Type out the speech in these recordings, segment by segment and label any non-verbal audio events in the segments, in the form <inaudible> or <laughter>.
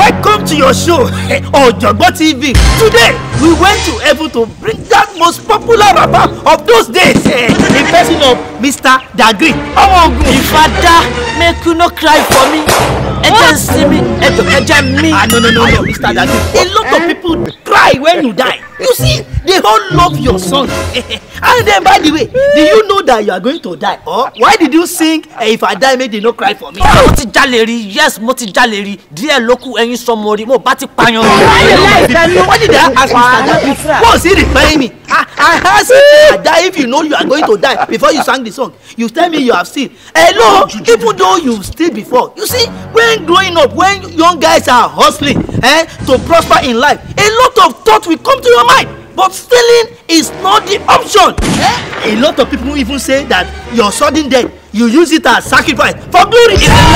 Welcome to your show, Ojogbo <laughs> TV. Today, we went to Evu to bring that most popular rapper of those days, <laughs> the person of Mr. Dagri. Ọmọ ogun. Ìfadá, make you no cry for me. Ẹ jẹ́ sinmi, ẹ jọ̀ọ́ ẹ mi. Ah no no no no, Mr. Dagri. A lot of eh? people cry when you die. You see they all love your song. <laughs> and then by the way do you know that you are going to die or why did you sing uh, if i die make they no cry for me. mo ti jalè rí yes mo ti jalè rí díẹ̀ ló kù ẹyin sọmọ rí mo bá ti pààyàn. wáyé láì tẹnu wọ́n ti dẹ̀ ask mr dabi wọ́n sì reply me i i ask mr if you know you are going to die before you sang the song you tell me you have seen hello even though you still before you see when growing up when young guys are hustling eh, to prosper in life a lot of thoughts will come to your mind But stealing is not the option. Eh? A lot of people even say that your sudden death, you use it as sacrifice for glory. Yeah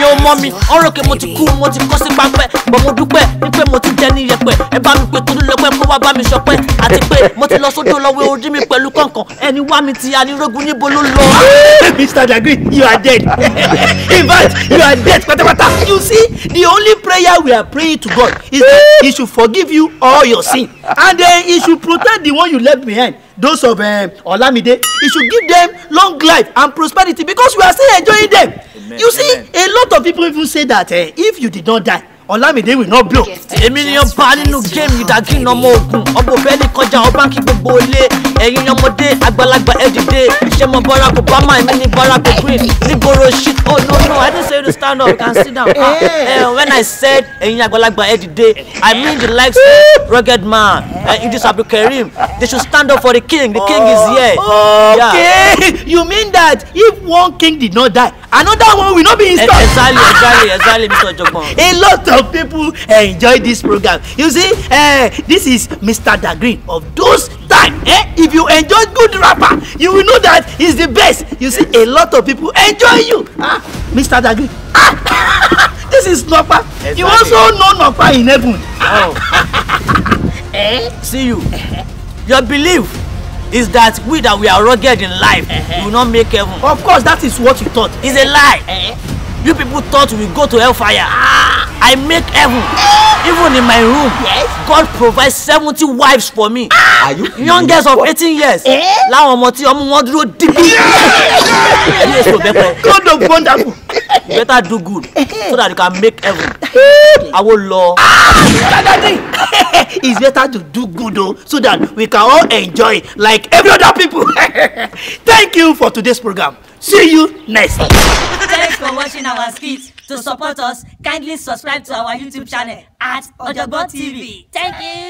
èèyàn mọ́ mi ọ̀rọ̀ òkè mo ti kú mo ti kọ́ sí pápẹ́ bọ̀ mo dúpẹ́ wípé mo ti jẹ ní iyẹ̀pẹ̀ ẹ bá mi pé torí lọ́pẹ́ kó wá bá mi sọpẹ́ àti pé mo ti lọ sódò lọ́wọ́ orí mi pẹ̀lú kọ̀ọ̀kan ẹni wá mi ti anirógun níbo ló lọ. Ah! Mr. Dagrin you are dead <laughs> in fact you are dead pátápátá. You see the only prayer we are praying to God is that he should forgive you all your sin and then uh, he should protect the one you left behind those of um, Olamide he should give them long life and prosperity because we are still enjoying them Amen. You see, Amen. a lot of people even say that eh, if you did not die, Olamide will not blow. èmi ni ọba nínú géèmù ìdájí iná ọmọ ogun ọba òfé ní kọjá ọba kí gbogbo ilé ẹ̀yin ọmọdé àgbàlagbà ẹ dìde ṣé mo Barack Obama èmi ni Barack Green nígboro shit oh no no I didn't say you to stand up you can sit down ah uh, when I said ẹ̀yin àgbàlagbà ẹ dìde I mean the likes of rugged man uh, Idris Abdulkareem they should stand up for the king the king is here. Oh, okay yeah. you mean that if one king did not die another one will not be e- installed. exactly ah! exactly exactly mr jogbon. a lot of people enjoy this program you see uh, this is mr Dagrin of those time eh if you enjoy good rapper you will know that he's the best you see a lot of people enjoy you ah mr Dagrin. ah <laughs> this is noppa exactly. you also know noppa in heaven. oh. <laughs> eh? see you your belief is that we that we are rugged in life uh -huh. will not make heaven. of course that is what you thought. Is a lie. Uh -huh. you people thought we go to hellfire. Ah. I make heaven. Uh, Even in my room, yes. God provides seventy wives for me. Ah. are you young girls of eighteen years. Eh? Láwọn ọmọ tí ọmú wọn dúró dìbò. Ilé èso bẹ́pẹ́. God of wonderful. You better do good so that you can make heaven. Awolowo. Eh. Ah! Dadadi! it's better to do good oh, so that we can all enjoy like every other people <laughs> thank you for today's program see you next time. thanks for watching our skit to support us kindly subscribe to our youtube channel at ojogbon tv thank you.